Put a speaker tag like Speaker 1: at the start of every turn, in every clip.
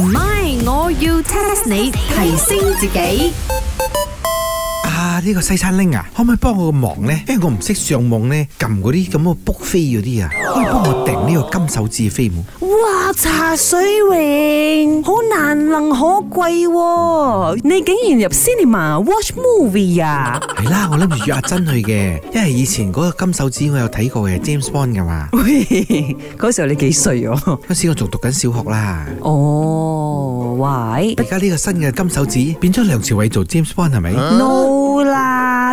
Speaker 1: 唔係，我要 test 你提升自己。
Speaker 2: 啊，呢個西餐拎啊，可唔可以幫我個忙咧？因為我唔識上網咧，撳嗰啲咁嘅 book 飛嗰啲啊，可以幫我訂呢個金手指飛冇？
Speaker 1: 哇！茶水泳好難能可貴喎、啊，你竟然入 cinema watch movie 啊？
Speaker 2: 係啦，我諗住約阿珍去嘅，因為以前嗰個金手指我有睇過嘅 James Bond 噶嘛。嗰 時候你幾歲啊？嗰時我仲讀緊小學啦。哦，喂！而家呢個新嘅金手指變咗梁朝偉做 James Bond 係咪？No。
Speaker 1: No.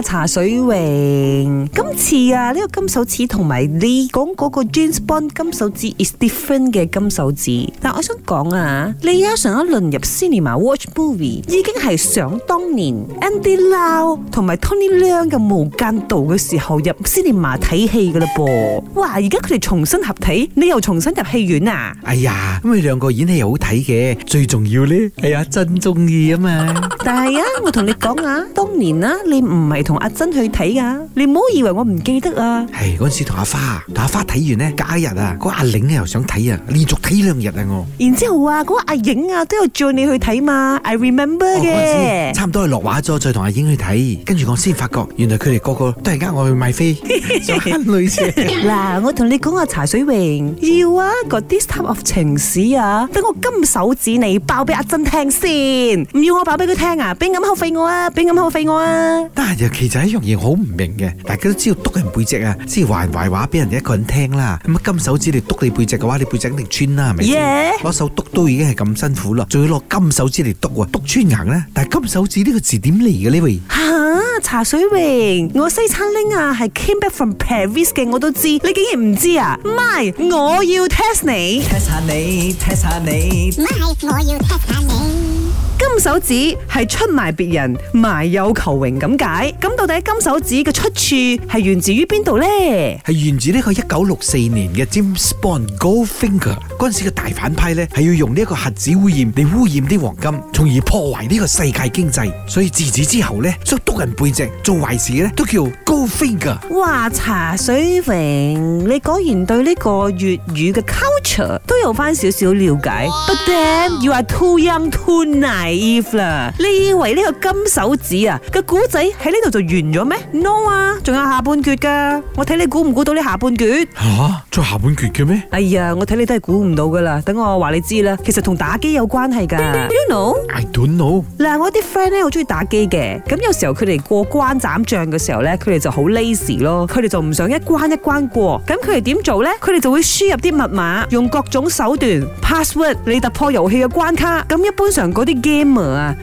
Speaker 1: 茶水榮，今次啊，呢個金手指同埋你講嗰個 James Bond 金手指 is different 嘅金手指，但係我想講啊，你啊上一輪入 Cinema Watch Movie 已經係想當年 Andy Lau 同埋 Tony Leung 嘅無間道嘅時候入 Cinema 睇戲噶啦噃，哇！而家佢哋重新合體，你又重新入戲院啊？
Speaker 2: 哎呀，咁你兩個演戲又好睇嘅，最重要咧，哎呀真中意啊嘛！
Speaker 1: 但係啊，我同你講啊，當年啊你唔係。同阿珍去睇噶，你唔好以為我唔記得啊！
Speaker 2: 係嗰陣時同阿花，同阿花睇完呢，隔一日啊，嗰阿玲又想睇啊，連續睇兩日啊我。
Speaker 1: 然之後啊，嗰阿影啊都有叫你去睇嘛，I remember 嘅。
Speaker 2: 差唔多係落畫咗，再同阿影去睇，跟住我先發覺，原來佢哋個個都係拉我去買飛，
Speaker 1: 想坑女先。嗱，我同你講阿茶水榮要啊，嗰 This Time of 情史啊，等我金手指你爆俾阿珍聽先，唔要我爆俾佢聽啊，邊敢耗費我啊，邊敢耗費我啊！
Speaker 2: 但係又。其實一樣嘢好唔明嘅，大家都知道督人背脊啊，即係話人壞話俾人一個人聽啦。咁啊金手指嚟督你背脊嘅話，你背脊肯定穿啦，係咪耶？攞手督都已經係咁辛苦啦，仲要攞金手指嚟督啊，督穿硬咧。但係金手指呢個字點嚟嘅呢喂？
Speaker 1: 吓、啊，茶水榮，我西餐拎啊係 came back from Paris 嘅，我都知，你竟然唔知啊？MY，我要 test 你，test 下你，test 下你，MY？我要 test 下你。金手指係出賣別人，賣友求榮咁解。咁到底金手指嘅出處係源自於邊度呢？係源自
Speaker 2: 呢個一九六四年嘅 James Bond Goldfinger。嗰陣時嘅大反派咧，係要用呢一個核子污染，嚟污染啲黃金，從而破壞呢個世界經濟。所以自此之後咧，想督人背脊做壞事咧，都叫 Goldfinger。
Speaker 1: 哇，茶水榮，你果然對呢個粵語嘅 culture 都有翻少少了解。Wow. But then you are too young, too nice. 啦，你以為呢個金手指啊，個故仔喺呢度就完咗咩？No 啊，仲有下半橛噶。我睇你估唔估到呢下半橛？
Speaker 2: 吓？啊，仲有下半橛嘅咩？
Speaker 1: 哎呀，我睇你都係估唔到噶啦。等我話你知啦，其實同打機有關係噶。You know？I don't know。嗱，我啲 friend 咧好中意打機嘅，咁有時候佢哋過關斬將嘅時候咧，佢哋就好 lazy 咯，佢哋就唔想一關一關過。咁佢哋點做咧？佢哋就會輸入啲密碼，用各種手段 password 嚟突破遊戲嘅關卡。咁一般上嗰啲 game。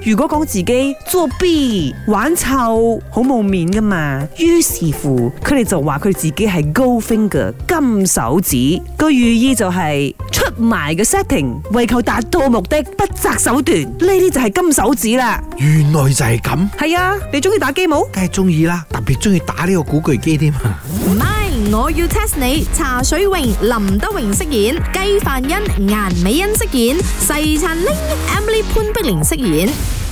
Speaker 1: 如果講自己作弊玩臭，好冇面噶嘛？於是乎，佢哋就話佢自己係高 finger 金手指，個寓意就係出賣個 setting，為求達到目的不擇手段，呢啲就係金手指啦。
Speaker 2: 原來就係咁。
Speaker 1: 係啊，
Speaker 2: 你中意打機冇？梗係中意啦，特別中意打呢個古巨基添。
Speaker 1: 我要 test 你，茶水泳、林德榮飾演，雞範欣、顏美欣飾演，細陳拎、Emily 潘碧玲飾演。